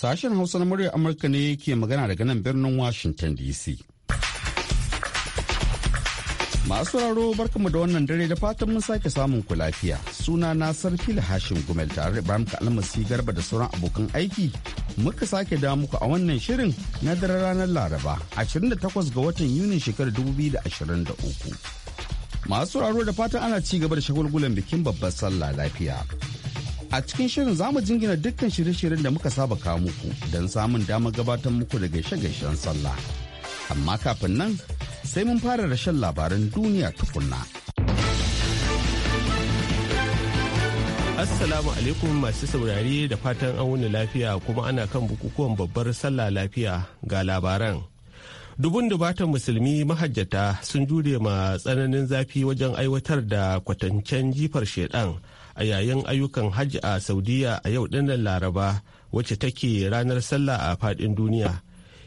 Sashen Hausa na muryar Amurka ne ke magana daga nan birnin Washington DC. Masu raro barkamu da wannan dare da fatan mun sake samun ku lafiya. Suna na da hashin Gumel tare da Ibrahim Almasi Garba da sauran abokan aiki. Muka sake da muku a wannan shirin na daren ranar Laraba 28 ga watan Yunin shekarar 2023. Masu raro da fatan ana ci gaba da shagulgulan bikin babbar sallah lafiya. A cikin shirin za mu jingina dukkan shirye-shiryen da muka saba kawo muku don samun damar gabatar muku da gaishe-gaishen sallah. Amma kafin nan sai mun fara rashin labarin labaran duniya tukunna. Assalamu alaikum masu saurari da fatan an wuni lafiya kuma ana kan bukukuwan babbar sallah lafiya ga labaran. Dubun dubatan musulmi mahajjata sun jure ma tsananin zafi wajen aiwatar da kwatancen jifar shedan a yayin ayyukan hajji a saudiya a yau dinnan laraba wacce take ranar sallah a fadin duniya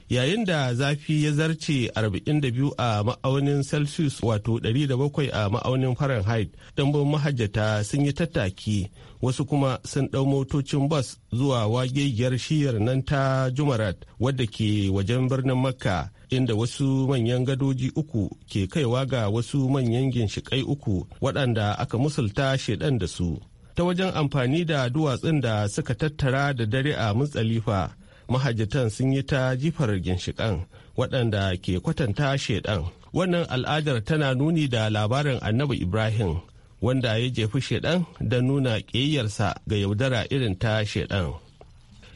yayin da zafi ya zarce 42 a ma'aunin celsius wato 107 a ma'aunin fahrenheit dambun mahajjata sun yi tattaki wasu kuma sun ɗau motocin bas zuwa wagegiyar shiyar nan ta jumarat wadda ke wajen birnin makka inda wasu manyan gadoji uku ke kaiwa ga wasu manyan ginshiƙai uku waɗanda aka musulta shaidan da su ta wajen amfani da duwatsun da suka tattara da dare a mutsalifa mahajjatan sun yi ta jifar ginshiƙan waɗanda ke kwatanta shaidan wannan al'adar tana nuni da labarin annabi ibrahim wanda ya jefi shaidan da nuna ƙiyayyarsa ga yaudara irin ta shaidan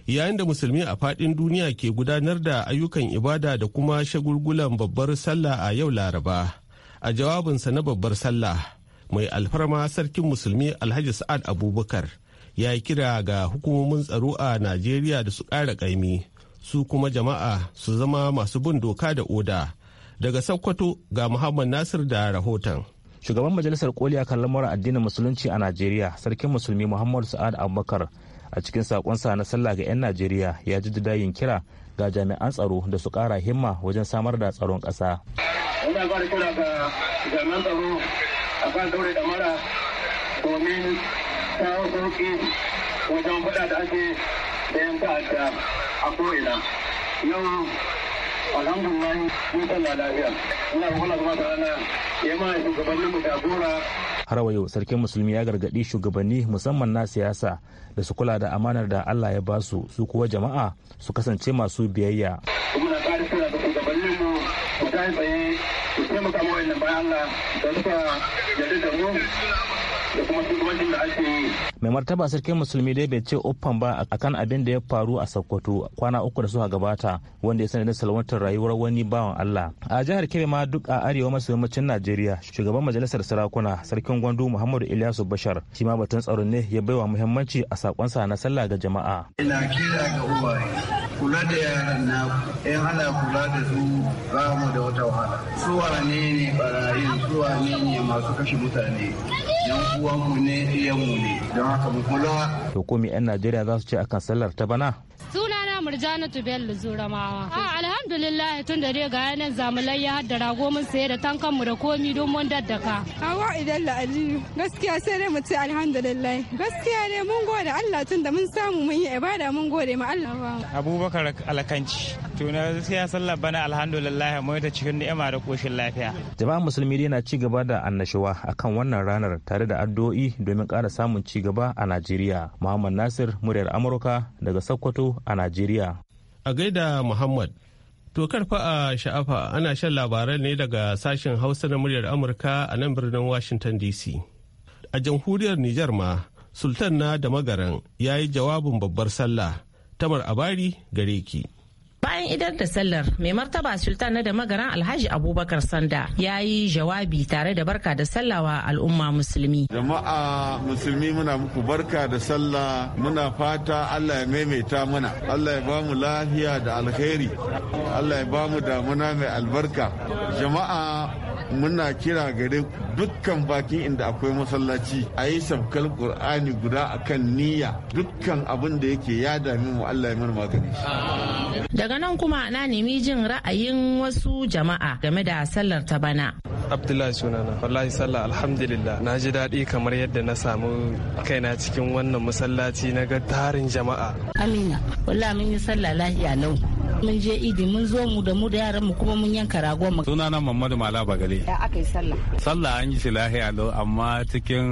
yayin da musulmi a faɗin duniya ke gudanar da ayyukan ibada da kuma shagulgulan babbar sallah a yau laraba a jawabinsa na babbar sallah mai alfarma sarkin musulmi alhaji sa'ad abubakar ya yi kira ga hukumomin tsaro a najeriya da su ƙara ƙaimi su kuma jama'a su zama masu bin doka da oda daga sokoto ga muhammad nasir da rahoton shugaban majalisar koli kan lamarin addinin musulunci a najeriya sarkin musulmi muhammad sa'ad abubakar a cikin sa na sallah ga 'yan najeriya ya ji yin kira ga jami'an tsaro da su kara himma wajen samar da tsaron ƙasa. ina ba da kira ga jami'an tsaro a kan daure da mara domin kawo wajen faɗa da ake da yan ta'adda a ko'ina yau alhamdulillah mun lafiya ina ba kula kuma tsarana ya ma shugabannin mu jagora har wa yau sarkin musulmi ya gargaɗi shugabanni musamman na siyasa da su kula da amanar da allah ya basu su kuwa jama'a su kasance masu biyayya su taimaka ma bayan Allah da suka yarda da mu Mai martaba sarkin musulmi dai bai ce uffan ba akan abin da ya faru a Sokoto kwana uku da suka gabata wanda ya da salwantar rayuwar wani bawan Allah. A jihar Kebbi ma duk a arewa maso yammacin Najeriya shugaban majalisar sarakuna sarkin Gwandu Muhammadu Ilyasu Bashar shi ma batun tsaro ne ya baiwa muhimmanci a sakonsa na sallah ga jama'a. Ina kira ga kula da na yan ana kula da su ba mu da wata wahala su wane ne barayin su wane ne masu kashe mutane yan uwanmu ne iyanmu ne don haka mu kula. to ko 'yan najeriya za su ce akan sallar ta bana. Marjanatu Bello Zuramawa. A ah, alhamdulillah tun da dai ga yanan zamulai ya hadda rago mun saye da tankan mu da komi don mun daddaka. Hawa idan la Aliyu gaskiya sai dai mu ce alhamdulillah. Gaskiya ne mun gode Allah tun da mun samu mun yi ibada mun gode ma Allah. Abubakar Alakanci. Tuna gaskiya sallar bana alhamdulillah mu ta cikin ni'ima da koshin lafiya. Jama'an musulmi dai na ci gaba da annashuwa akan wannan ranar tare da addu'o'i domin kara samun ci gaba a Najeriya. Muhammad Nasir muryar Amurka daga Sokoto a Najeriya. A gaida Muhammad To karfa a sha'afa ana shan labaran ne daga sashen Hausa na muryar Amurka a nan birnin Washington DC. A jamhuriyar Nijar ma, Sultan na da magaran ya yi jawabin babbar sallah, tamar abari gare ki. bayan idar da sallar mai martaba sultan na da magaran alhaji abubakar sanda ya yi jawabi tare da barka da sallawa al'umma musulmi jama'a musulmi muna muku barka da sallah muna fata allah ya maimaita mana allah ya bamu lafiya da alkhairi allah ya bamu damuna mai albarka jama'a muna kira gare dukkan bakin inda akwai masallaci a yi sabkar qur'ani guda akan niyya dukkan abin da yake ya dami mu Allah ya mana magani daga nan kuma na nemi jin ra'ayin wasu jama'a game da sallar ta bana abdullahi sunana wallahi sallah alhamdulillah na ji daɗi kamar yadda na samu kaina cikin wannan masallaci na ga tarin jama'a amina wallahi mun yi sallah lahiya nau mun je idi mun zo mu da mu da yaran mu kuma mun yanka ragon mu sunana mamadu Mala Bagale ya aka yi sallah sallah an yi silahi alo amma cikin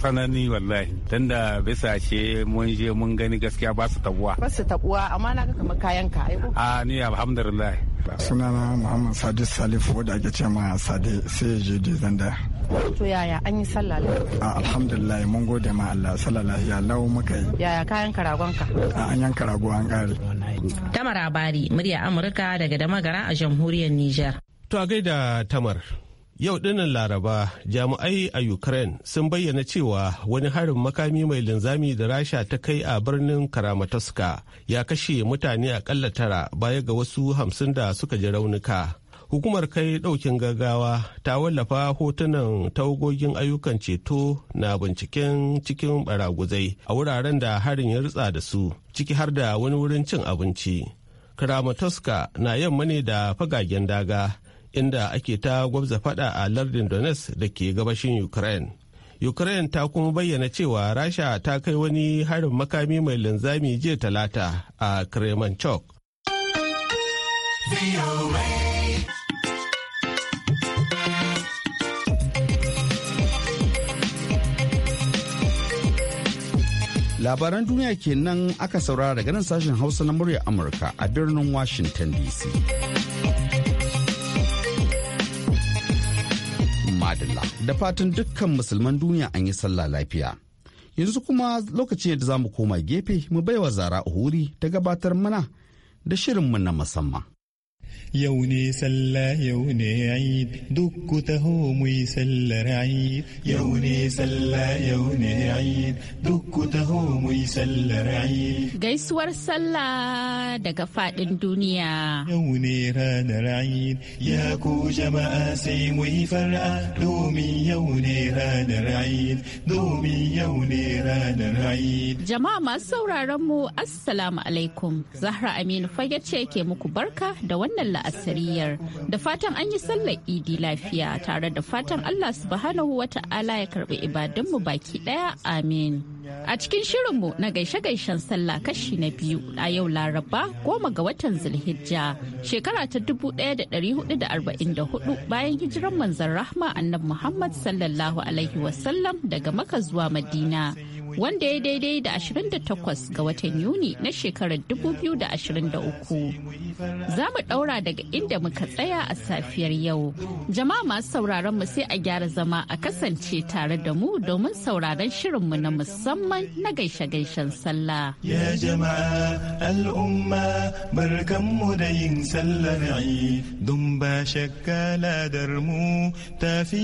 tsanani wallahi tunda bisa ce mun je mun gani gaskiya ba su tabuwa ba su tabuwa amma na ga kamar kayan ka a ni alhamdulillah sunana Muhammad Sadi salif wanda ake ce ma Sadi sai je zanda to yaya an yi sallah a alhamdulillah mun gode ma Allah sallah lafiya lau muka yi yaya kayan karagon a an yanka rago an kare Tamar Abari, murya Amurka daga Damagara a jamhuriyar Nijar. To a gaida Tamar. Yau dinnan Laraba jami'ai a Ukraine sun bayyana cewa wani harin makami mai linzami da Rasha ta kai a birnin Karamatoska ya kashe mutane akalla tara baya ga wasu hamsin da suka ji raunuka. hukumar kai daukin gaggawa ta wallafa hotunan tawagogin ayyukan ceto na binciken cikin baraguzai a wuraren da harin ya ritsa da su ciki har da wani wurin cin abinci kramatoska na yamma ne da fagagen daga inda ake ta gwabza fada a lardin donetsk da ke gabashin ukraine ukraine ta kuma bayyana cewa rasha ta kai wani harin makami mai linzami jiya talata a kremenchuk labaran duniya kenan aka saurara daga nan sashen hausa na murya amurka a birnin washington dc madalla da fatan dukkan musulman duniya an yi sallah lafiya yanzu kuma lokacin da za mu koma gefe mu baiwa zara uhuri ta gabatar mana da shirin mu na musamman yau ne sallah yau ne aid duk ku taho mu sallar aid yau ne sallah yau ne aid duk ku taho mu sallar aid gaisuwar sallah daga fadin duniya yau ne ranar aid ya ku jama'a sai mu yi far'a domin yau ne ranar aid domin yau ne ranar aid jama'a masu sauraron mu assalamu alaikum zahra aminu fage ce ke muku barka da wannan la'asariyar da fatan an yi sallar idi lafiya tare da fatan allah subhanahu wa ta'ala ya karbi ibadunmu baki daya amin a cikin shirin mu na gaishe-gaishen sallah kashi na biyu a yau laraba goma ga watan zulhijja shekara ta 1444 bayan hijiran manzon rahma annabi muhammad sallallahu alaihi wasallam daga maka zuwa madina wanda ya daidai da 28 ga watan Yuni na shekarar 2023. Za mu ɗaura daga inda muka tsaya a safiyar yau. Jama'a masu sauraron mu sai a gyara zama a kasance tare da mu domin sauraron shirinmu na musamman na gaishe-gaishen sallah. Ya jama'a al'umma barkanmu da yin sallar don ba shakka ladar mu ta fi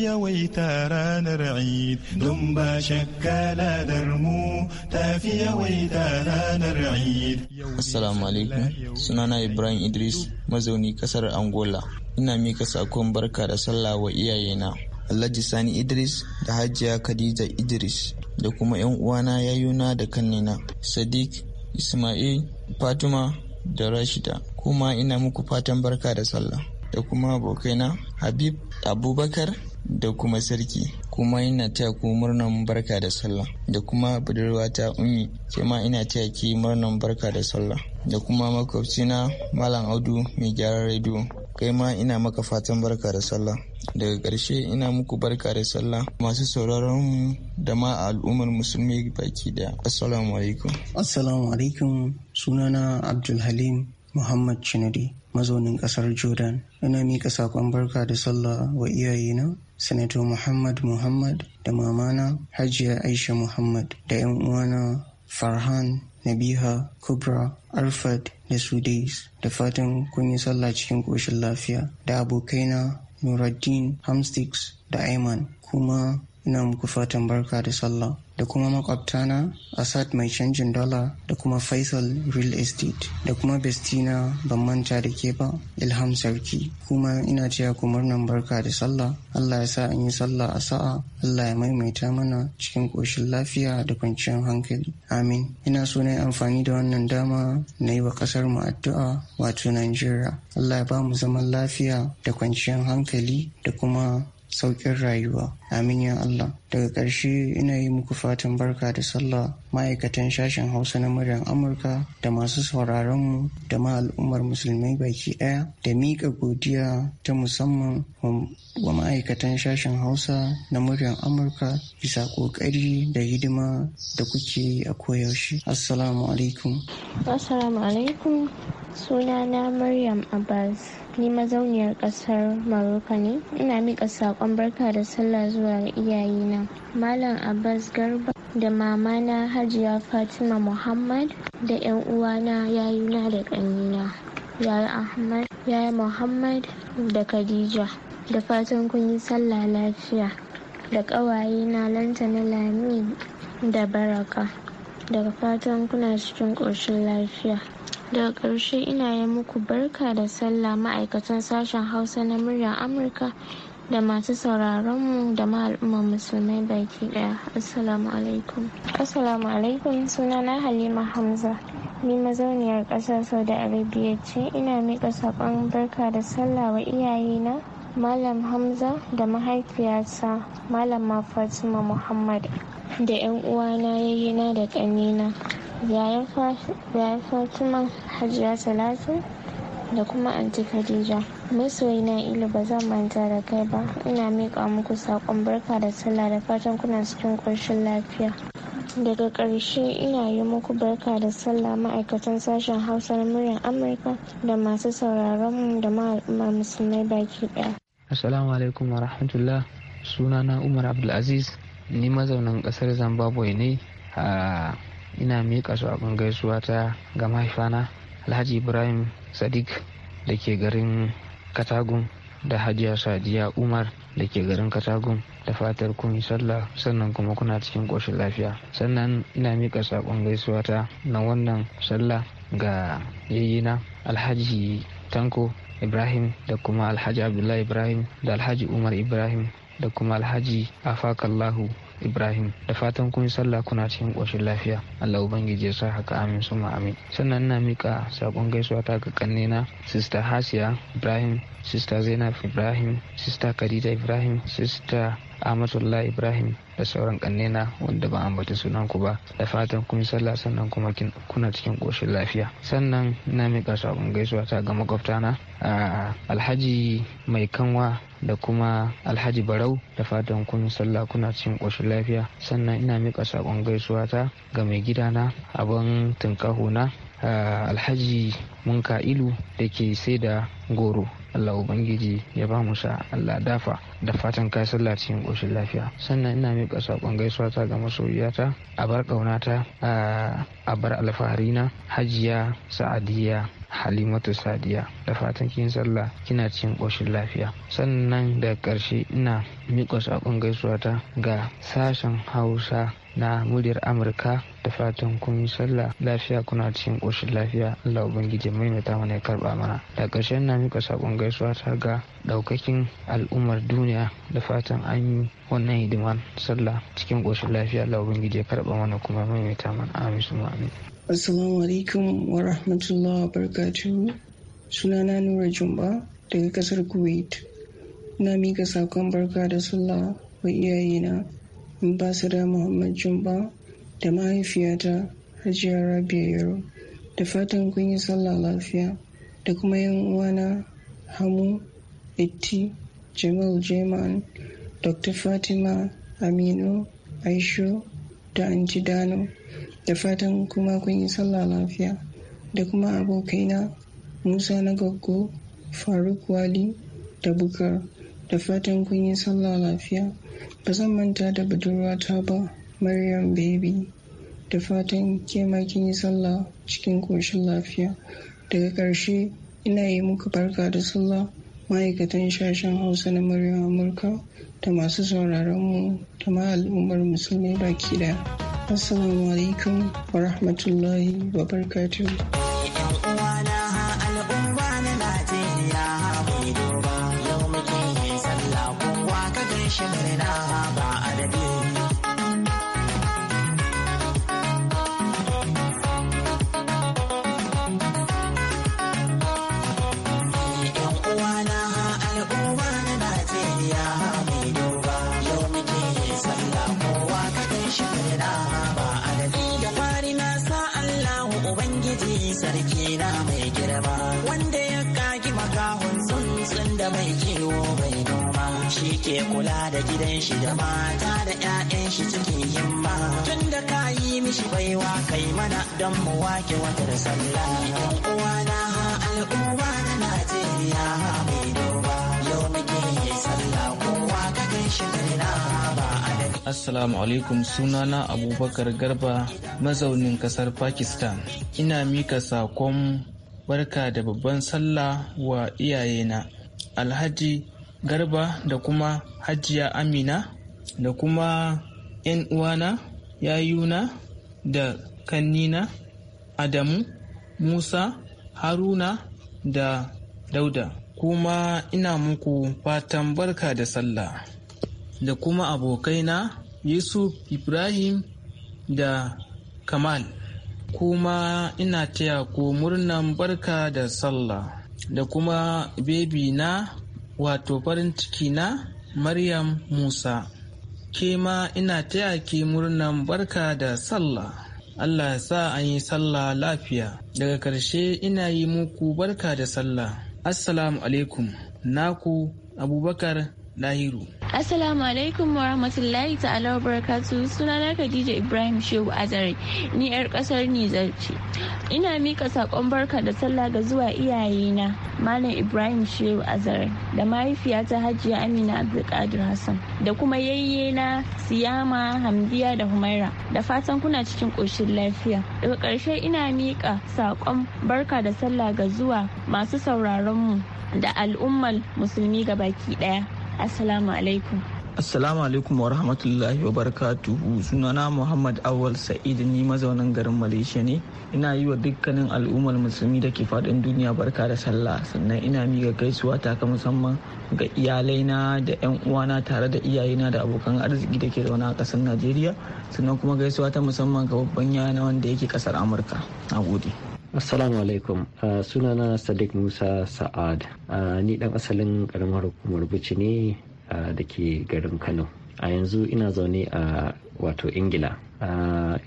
ranar Eid don ba shakka ladar mu tafi ranar Eid. Assalamu alaikum. Sunana Ibrahim Idris, mazauni kasar Angola. Ina mika sakon barka da sallah wa iyayena. Alhaji Sani Idris da Hajiya Khadija Idris da kuma 'yan uwana yayuna da kannina Sadiq, Ismail, Fatima da Rashida. Kuma ina muku fatan barka da sallah. Da kuma abokaina Habib Abubakar da kuma Sarki. kuma ina taya ku murnan barka da sallah da kuma budurwa ta ummi ke ma ina taya ki murnan barka da sallah da kuma makwabcina malam audu mai gyaran rediyo kai ma ina maka fatan barka da sallah daga ƙarshe ina muku barka da sallah masu sauraron mu da ma al'ummar musulmi baki da assalamu alaikum assalamu alaikum sunana abdulhalim muhammad chinadi mazaunin ƙasar jordan ina mika saƙon barka da sallah wa iyayena sanato muhammad muhammad da mamana hajiya aisha muhammad da 'yan uwana farhan nabiha kubra alfred da sudais da fatan kun yi sallah cikin ƙoshin lafiya da abokaina nuruddin hamsticks da aiman kuma ina muku fatan barka da sallah da kuma makwabtana Asad mai canjin dola da kuma Faisal Real Estate da kuma Bestina ban manta da ke ba Ilham Sarki kuma ina cewa ku murnan barka da sallah Allah ya sa an yi sallah a sa'a Allah ya maimaita mana cikin koshin lafiya da kwanciyar hankali amin ina so na yi amfani da wannan dama na yi wa kasar mu addu'a wato Najeriya Allah ya ba mu zaman lafiya da kwanciyar hankali da kuma Sauƙin rayuwa amin ya Allah daga ƙarshe ina yi muku fatan barka da sallah ma'aikatan sashen hausa na muryar amurka da masu sauraronmu da ma al'ummar musulmai baki ɗaya da miƙa godiya ta musamman wa ma'aikatan sashen hausa na muryar amurka bisa ƙoƙari da hidima da kuke yi a koyaushe assalamu alaikum assalamu alaikum sunana maryam abbas ni mazauniyar kasar maroko ne ina mika sakon barka da sallah zuwa ga iyayena malam abbas garba da mamana hajiya fatima muhammad da yan uwana yayuna da ƙanina yayi ahmad yayi muhammad da khadija da fatan kun yi sallah lafiya da ƙawaye na lantana lami da baraka daga fatan kuna cikin ƙoshin lafiya daga ƙarshe ina yi muku barka da sallah ma'aikatan sashen hausa na muryar amurka da masu sauraron mu da al'ummar musulmai baki daya assalamu alaikum assalamu alaikum sunana halima hamza ni mazauniyar ƙasar saudi arabia ce ina miƙa saƙon barka da sallah wa iyayena malam hamza da mahaifiyata malam fatima muhammad da 'yan uwana yayina da ƙanina yayin fatima hajiya talatu da kuma anti khadija masoyi na ilu ba zan manta da kai ba ina miƙa muku saƙon barka da sallah da fatan kuna cikin ƙoshin lafiya daga ƙarshe ina yi muku barka da sallah ma'aikatan sashen hausa na muryar amurka da masu sauraron da ma'al'umma musulmai baki ɗaya assalamu alaikum wa rahmatullah sunana umar abdulaziz ni mazaunin ƙasar zimbabwe ne a ina miƙa su abin gaisuwa ta ga mahaifana alhaji ibrahim sadiq da ke garin katagun da hajiya sadiya umar da ke garin katagun da fatar kun sallah sannan kuma kuna cikin ƙoshin lafiya sannan ina miƙa saƙon gaisuwa ta na wannan sallah ga yayyina alhaji tanko ibrahim da kuma alhaji abdullahi ibrahim da alhaji umar ibrahim da kuma alhaji afakallahu ibrahim da fatan kun sallah kuna cikin ƙoshin lafiya allah ubangiji ya sa haka amin suma amin sannan na mika sakon gaisuwa ta ga kannena sister hasiya ibrahim sister zainab ibrahim sister khadija ibrahim sister Ahmadullah Ibrahim da sauran kannena wanda ba ambata sunan ku ba da fatan kun sallah sannan kuma kuna cikin koshin lafiya sannan na mika sabon gaisuwa ta ga makwabtana alhaji mai kanwa da kuma alhaji barau da fatan kun sallah kuna cikin koshin lafiya sannan ina mika sabon gaisuwa ta ga mai gidana abin tunkahuna na alhaji muka-ilu da ke sai da goro Allah Ubangiji ya ba mu sa Allah dafa da fatan kai sallah cikin ƙoshin lafiya sannan ina miƙa saƙon gaisuwata ta ga masoyiyata a bar ƙaunata a bar alfaharina hajiya sa'adiyya halimatu sadiya da fatan kin sallah kina cikin ƙoshin lafiya sannan da ƙarshe ina miƙa saƙon gaisuwa ta ga sashen hausa na muryar amurka da fatan kun yi sallah lafiya kuna cikin ƙoshin lafiya allah ubangiji maimaita mana ya karba mana da ƙarshen na muka saƙon gaisuwa ta ga ɗaukakin al'ummar duniya da fatan an yi wannan hidiman sallah cikin ƙoshin lafiya allah ubangiji ya karba mana kuma mai mana amin su amin assalamu alaikum wa rahmatullahi wa barakatuhu sunana nura jumba daga kasar kuwait na mika saƙon barka da sallah wa iyayena basira muhammad jumba da mahaifiyata hajiya rabia yaro da fatan kun yi sallah lafiya da kuma yan uwana hamu itti jamal jeman dr fatima aminu aisho da anti dano da fatan kuma kun yi sallah lafiya da kuma abokaina musa na gaggo faruk wali da bukar da fatan kun yi sallah lafiya Ba zan manta da budurwata ba, Maryam Baby. Da fatan ke yi sallah cikin koshin lafiya. Daga ƙarshe ina yi muku barka da sallah ma'aikatan shashen Hausa na Maryam Amurka da masu sauraron mu da ma al'ummar musulmi baki daya. Assalamu alaikum wa rahmatullahi wa barakatuh. shin zina ke kula da gidan shi da mata da 'ya'yan shi cikin himma tun da ka yi mishi baiwa kai mana don mu wake watar sallah uwa na al'umma na Najeriya mai doba yau muke yi sallah kowa ka kai shi ba Assalamu alaikum sunana Abubakar Garba mazaunin kasar Pakistan. Ina mika sakon barka da babban sallah wa iyayena. Alhaji garba da kuma hajiya amina da kuma 'yan uwana yayuna da kannina adamu musa haruna da dauda kuma ina muku fatan barka da sallah da kuma abokaina yusuf ibrahim da kamal kuma ina taya ku murnan barka da sallah da kuma bebi na wato farin ciki na Maryam Musa. Ke ma ina ta yake murnan barka da sallah. Allah ya sa an yi sallah lafiya. Daga karshe ina yi muku barka da sallah. Assalamu alaikum. Naku Abubakar Lahiru. Assalamu alaikum wa rahmatullahi ta'ala wa barakatu sunana Khadija Ibrahim Shehu Azare ni yar kasar nijar ce. Ina mika sakon barka da sallah ga zuwa iyayena Malam Ibrahim Shehu Azare da mahaifiyata Hajiya Amina Abdulkadir Hassan da kuma yayyena Siyama Hamdiya da Humaira da fatan kuna cikin koshin lafiya. Daga karshe ina mika sakon barka da sallah ga zuwa masu sauraron mu da al'ummar musulmi ga baki daya Assalamu alaikum. Assalamu alaikum wa rahmatullahi wa barakatuhu sunana Muhammad Awal Sa'id ni mazaunin garin Malaysia ne ina yi wa dukkanin al'ummar musulmi da ke faɗin duniya barka da sallah sannan ina miƙa gaisuwa ta musamman ga iyalaina da 'yan uwana tare da iyayena da abokan arziki da ke zaune a ƙasar Najeriya sannan kuma gaisuwa ta musamman ga babban yana wanda yake ƙasar Amurka. nagode Assalamu alaikum Suna uh, sunana Sadiq Musa Sa'ad uh, ni dan asalin karamar hukumar Bici ne uh, da ke garin Kano. A yanzu ina zaune a wato Ingila.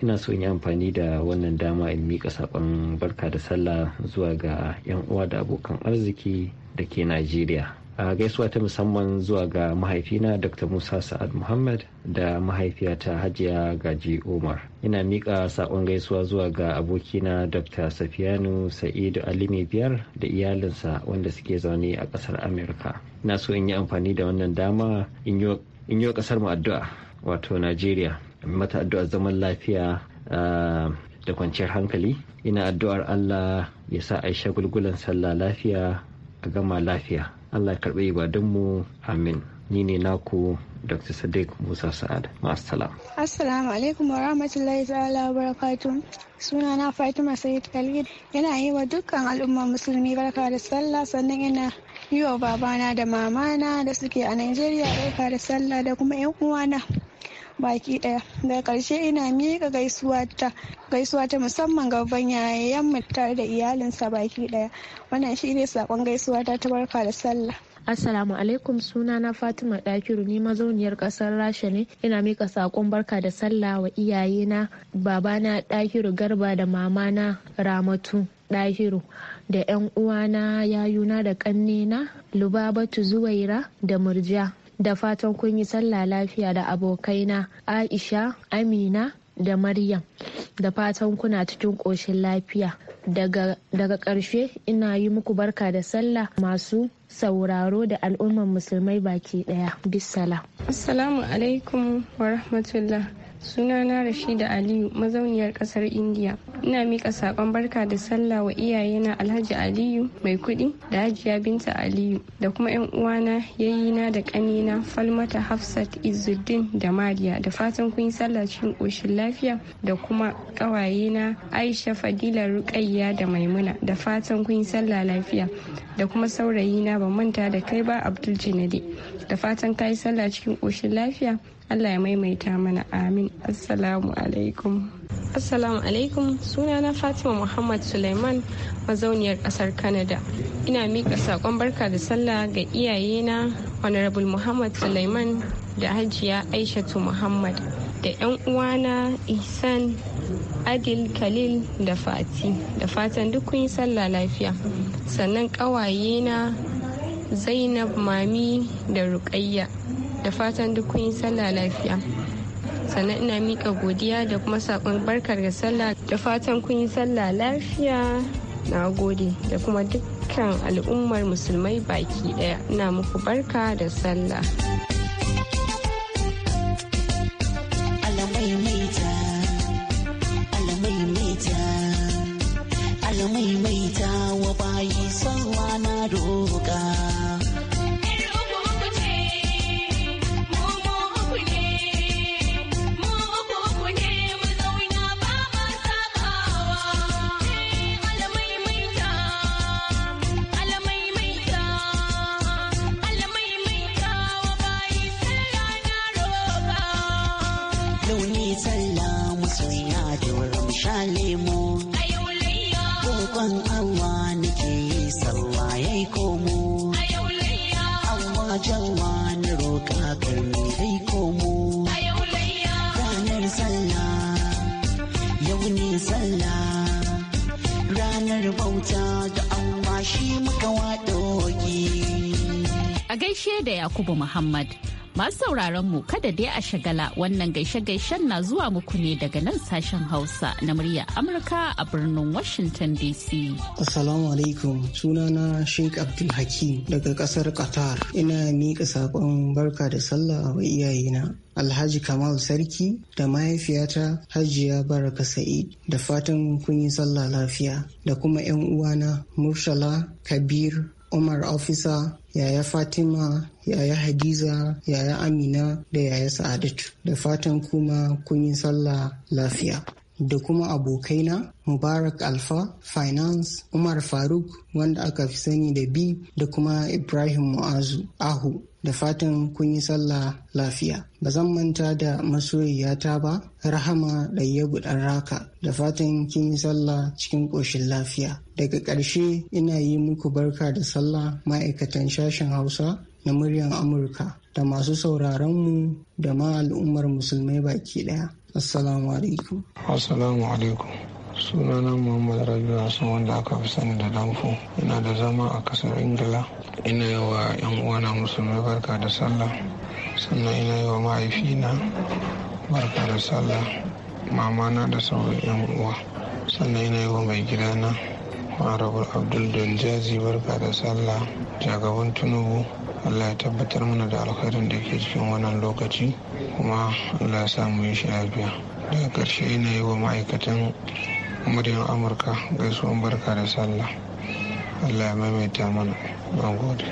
Ina so in yi amfani da wannan dama in mika saƙon barka da sallah zuwa ga 'yan uwa da abokan arziki da ke Najeriya. a gaisuwa ta musamman zuwa ga mahaifina dr musa sa'ad muhammad da mahaifiyata hajiya gaji umar ina miƙa saƙon gaisuwa zuwa ga abokina dr safiyanu sa'idu alimi biyar da iyalinsa wanda suke zaune a ƙasar amurka na so in yi amfani da wannan dama in yi wa ƙasar mu addu'a wato najeriya mata addu'ar zaman lafiya da kwanciyar hankali ina addu'ar allah ya sa aisha gulgulan sallah lafiya a gama lafiya allah ibadan mu amin ni ne naku Dr. Sadiq Musa Sa'ad. Ma'assalam. Assalamu alaikum wa rahmatullahi ta'ala wa barakatuh. Suna na Fatima Sayyid Khalid. Yana yi wa dukkan al'ummar musulmi barka da sallah sannan yana yi wa babana da mamana da suke a Najeriya barka da sallah da kuma 'yan uwana. baki daya daga karshe ina miƙa gaisuwa ta musamman ga babban yayan tare da iyalinsa baki daya wannan shine sakon gaisuwa ta ta barka da sallah Assalamu alaikum suna na Fatima Dakiru ni mazauniyar kasar Rasha ne ina mika sakon barka da sallah wa iyayena babana Dakiru Garba da mamana Ramatu dakiru da 'yan uwana yayuna da ƙannena Lubabatu Zuwaira da Murja da fatan kun yi sallah lafiya da abokaina aisha amina da maryam da fatan kuna cikin ƙoshin lafiya daga ƙarshe ina yi muku barka da sallah masu sauraro da al'umman musulmai baki ɗaya bisala assalamu alaikum wa rahmatullah Sunana Rashida Aliyu mazauniyar kasar indiya Ina mika sakon barka da sallah wa iyayena Alhaji Aliyu mai kuɗi da Hajiya Binta Aliyu da kuma 'yan uwana yayina da kanina Falmata Hafsat izuddin da Mariya da fatan kun yi sallah cikin koshin lafiya da kuma ƙawayena Aisha Fadila Ruqayya da Maimuna da fatan kun yi sallah lafiya da kuma saurayina ba manta da kai ba Abdul Jinadi da fatan ka yi sallah cikin koshin lafiya Allah ya maimaita mana amin assalamu alaikum assalamu alaikum Suna na fatima muhammad suleiman mazauniyar kasar canada ina miƙa saƙon barka da sallah ga iyayena honorable muhammad suleiman da hajiya aishatu muhammad da 'yan uwana ihsan adil khalil da fati da fatan duk yi sallah lafiya sannan ƙawayena zainab mami da ruƙayya da fatan duk kun yi sallah lafiya sannan ina mika godiya da kuma sakon barkar da sallah da fatan kun yi sallah lafiya na gode da kuma dukkan al'ummar musulmai baki daya ina muku barka da sallah Yakubu Muhammad. Masu sauraron mu kada dai a shagala wannan gaishe-gaishen na zuwa muku ne daga nan sashen Hausa na murya Amurka a birnin Washington DC. Assalamu alaikum sunana Sheikh AbdulHakim daga kasar Qatar. Ina miƙa saƙon barka da sallah wa iyayena. Alhaji Kamal Sarki da mahaifiyata Hajiya Baraka Sa'id da fatan kun yi sallah lafiya da kuma 'yan uwana Murshala Kabir Umar Ofisa, yaya Fatima, yaya Hadiza, yaya Amina da yaya Sa'adatu. Da fatan kuma kun yi sallah lafiya. Da kuma abokaina Mubarak Alfa, Finance, Umar Faruk wanda aka fi sani da bi da kuma Ibrahim Mu'azu Ahu da fatan kun yi sallah lafiya. Ba zan manta da masoyiyata ba, rahama ɗayyabu ɗan raka, da fatan kin yi sallah cikin ƙoshin lafiya. Daga ƙarshe ina yi muku barka da sallah ma'aikatan sashen Hausa na muryar Amurka da masu sauraronmu da ma al'ummar musulmai baki ɗaya. Assalamu alaikum. Assalamu alaikum. sunana muhammad rabi wasu wanda aka fi sani da danfo ina da zama a kasar ingila ina yi wa yan uwana musulmi barka da sallah sannan ina yi wa mahaifina barka da sallah mamana da sauran yan uwa sannan ina yi wa mai gidana harabar abdul donjazi barka da sallah jagaban tunubu allah ya tabbatar mana da alkhairin da ke cikin wannan lokaci kuma allah ya samu yi shi lafiya daga ƙarshe ina yi wa ma'aikatan muryar amurka gaisuwan barka da sallah allah ya maimaita mana don gode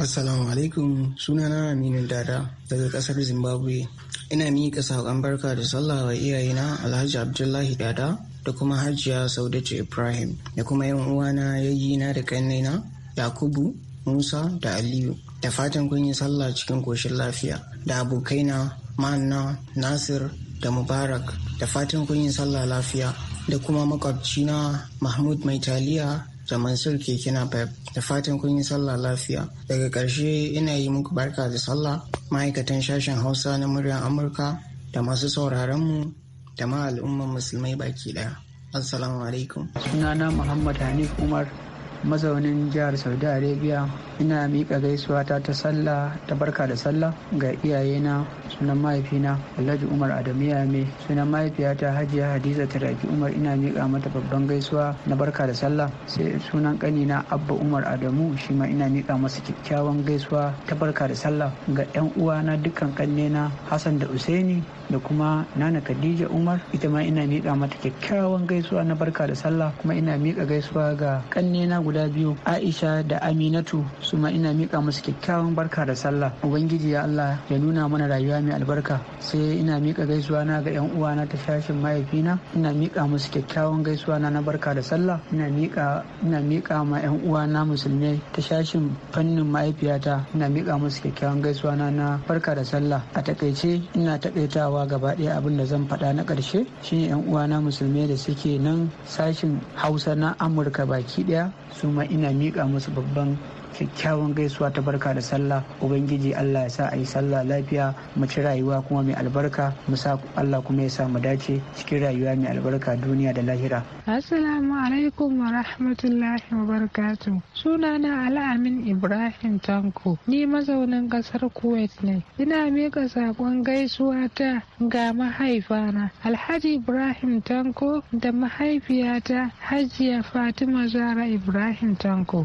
assalamu alaikum sunana aminu dada daga kasar zimbabwe ina miƙa saƙon barka da sallah wa iyayena alhaji abdullahi dada da kuma hajiya saudatu ibrahim da kuma yan uwana yayyina da kannena yakubu musa da aliyu da fatan kun yi sallah cikin koshin lafiya da abokaina manna nasir da mubarak da fatan kun yi sallah lafiya da kuma makwabcina mahmud mai taliya da mansur keke pep da fatan kun yi sallah lafiya daga ƙarshe ina yi muku barka da sallah ma'aikatan sashen hausa na muryar amurka da masu sauraronmu da ma al'umman musulmai baki ɗaya assalamu alaikum sunana muhammad hanif umar mazaunin jihar saudi arabia ina miƙa gaisuwa ta ta sallah ta barka da sallah ga iyayena sunan mahaifina alhaji umar adamu yame sunan mahaifiyata hajiya hadiza ta rafi umar ina miƙa mata babban gaisuwa na barka da sallah sai sunan ƙanina abba umar adamu shi ma ina miƙa masa kyakkyawan gaisuwa ta barka da sallah ga 'yan uwana dukkan ƙannena hassan da usaini da kuma nana khadija umar ita ma ina miƙa mata kyakkyawan gaisuwa na barka da sallah kuma ina miƙa gaisuwa ga ƙannena guda guda biyu aisha da aminatu su ma ina mika musu kyakkyawan barka da sallah ubangiji ya allah ya nuna mana rayuwa mai albarka sai ina mika gaisuwa na ga yan uwa ta tashashin mahaifina ina mika musu kyakkyawan gaisuwa na na barka da sallah ina mika ina mika ma yan uwa na ta tashashin fannin mahaifiyata ina mika musu kyakkyawan gaisuwa na na barka da sallah a takaice ina takaitawa gaba ɗaya abin da zan faɗa na ƙarshe shine yan uwa na musulmi da suke nan sashin hausa na amurka baki ɗaya su ma ina miƙa musu babban kyakkyawan gaisuwa ta barka da sallah ubangiji allah ya sa a yi sallah lafiya mu ci rayuwa kuma mai albarka mu sa allah kuma ya sa mu dace cikin rayuwa mai albarka duniya da lahira assalamu alaikum wa rahmatullahi wa barakatuh sunana al'amin ibrahim tanko ni mazaunin kasar kuwait ne ina mika sakon gaisuwa ta ga mahaifana alhaji ibrahim tanko da mahaifiyata hajiya fatima zara ibrahim tanko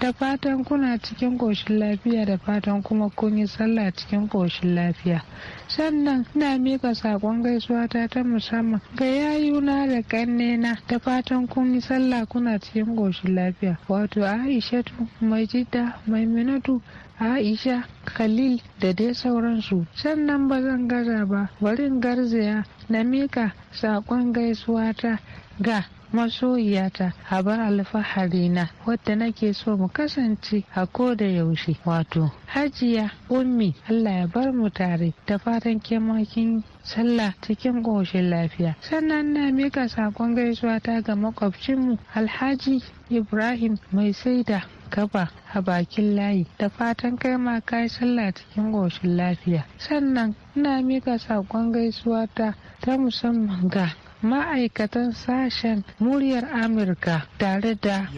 da fatan kuna cikin ƙoshin lafiya da fatan kuma kun yi sallah cikin ƙoshin lafiya sannan ina mika saƙon gaisuwa ta ta musamman ga yayuna da ƙannena da fatan kun yi sallah kuna cikin ƙoshin lafiya wato aishatu mai minatu Aisha, Khalil da dai sauransu. Sannan ba zan gaza ba, barin garzaya na mika saƙon gaisuwata ga masoyiyata habar na wadda nake so mu kasance a ko da yaushe wato hajiya ummi allah ya bar mu tare ta fatan kemakin sallah cikin ƙoshin lafiya sannan na mika sakon gaisuwa ta ga makwabcinmu alhaji ibrahim mai saida kaba a bakin layi da fatan kai ma kai sallah cikin ƙoshin lafiya sannan na mika sakon gaisuwa ta ta musamman ga ma'aikatan sashen muryar amurka tare da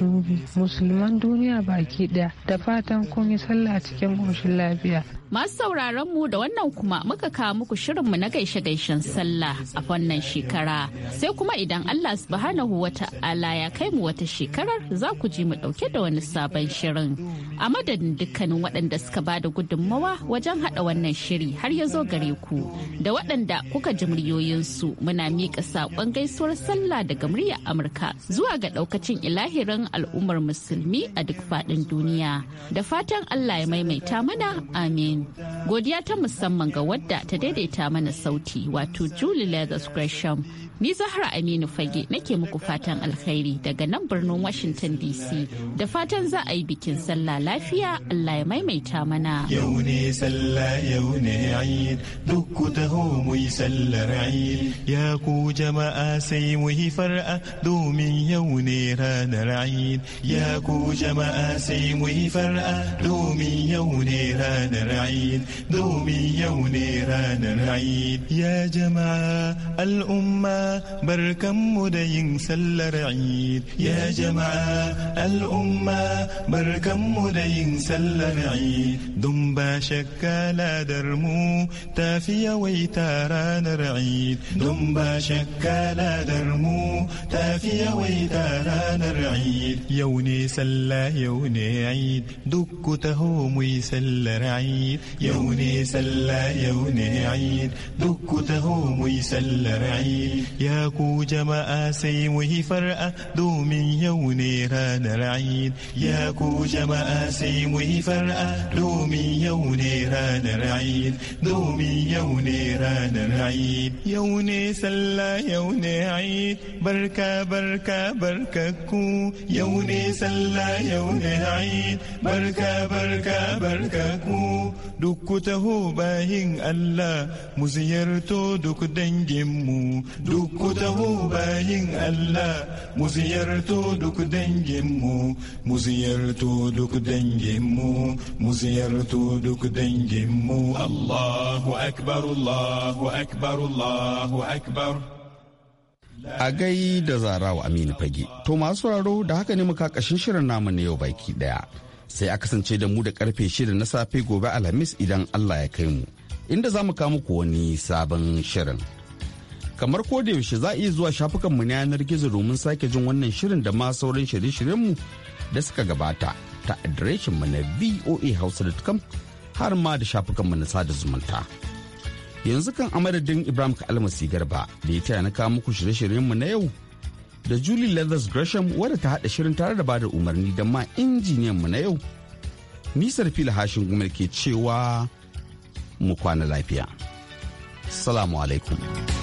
musulman duniya baki daya da fatan kun yi sallah cikin ƙoshin lafiya Masu sauraron mu da wannan kuma muka kawo muku shirinmu na gaishe-gaishen sallah a wannan shekara. Sai kuma idan Allah subhanahu wata ala ya kai mu wata shekarar za ku ji mu dauke da wani sabon shirin. A madadin dukkanin waɗanda suka ba da gudummawa wajen haɗa wannan shiri har ya zo gare ku. Da waɗanda kuka ji muryoyinsu muna miƙa saƙon gaisuwar sallah daga muryar Amurka zuwa ga ɗaukacin ilahirin al'ummar musulmi a duk faɗin duniya. Da fatan Allah ya maimaita mana amin. Godiya ta musamman ga wadda ta daidaita mana sauti wato Julie Leathers Gresham Ni Zahra Aminu Fage nake muku fatan alkhairi daga nan birnin Washington DC da fatan za a yi bikin sallah lafiya Allah ya maimaita mana. Yau ne sallah yau ne Eid duk ku taho mu yi sallar Eid ya ku jama'a sai mu yi far'a domin yau ne ranar Eid ya ku jama'a sai mu yi far'a domin yau ne ranar Eid domin yau ne ranar Eid ya jama'a al'umma بر دين سلر عيد يا جماعة الأمة بر كم دين سلر عيد دم باشك لا درمو تافيا ويتارا نرعيد دم باشك لا درمو تافيا ويتارا نرعيد يوني سلا يوني عيد دك تهوم يسلر عيد يوني سلا يوني عيد دك تهوم يسلر عيد ya ku jama'a sai mu yi far'a domin yau ne ranar Eid ya ku jama'a sai mu yi far'a domin yau ne ranar Eid domin yau ne ranar Eid yau ne sallah yau ne Eid barka barka barka ku yau ne sallah yau ne Eid barka barka barka ku duk ku taho bayin Allah mu ziyarto duk danginmu duk ku taho bayin Allah mu ziyarto duk danginmu mu ziyarto duk danginmu mu ziyarto duk danginmu Allahu akbar Allahu akbar Allahu akbar A gai da zarawa Aminu Fage, to masu raro da haka ne muka kashin shirin namu na yau baki daya. Sai a kasance da mu da karfe shida na safe gobe Alhamis idan Allah ya kai mu, inda za mu kawo muku wani sabon shirin. kamar ko da yaushe za a iya zuwa shafukanmu na yanar gizo domin sake jin wannan shirin da ma sauran shirye-shiryenmu da suka gabata ta adireshinmu na voahouse.com har ma da shafukanmu na sada zumunta. Yanzu kan amadadin Ibrahim Almasi Garba da ya taya na kawo muku shirye-shiryenmu na yau da Julie Leathers Gresham wadda ta haɗa shirin tare da bada umarni da ma injiniyanmu na yau. Nisar fila hashin gumar ke cewa mu kwana lafiya. Salamu alaikum.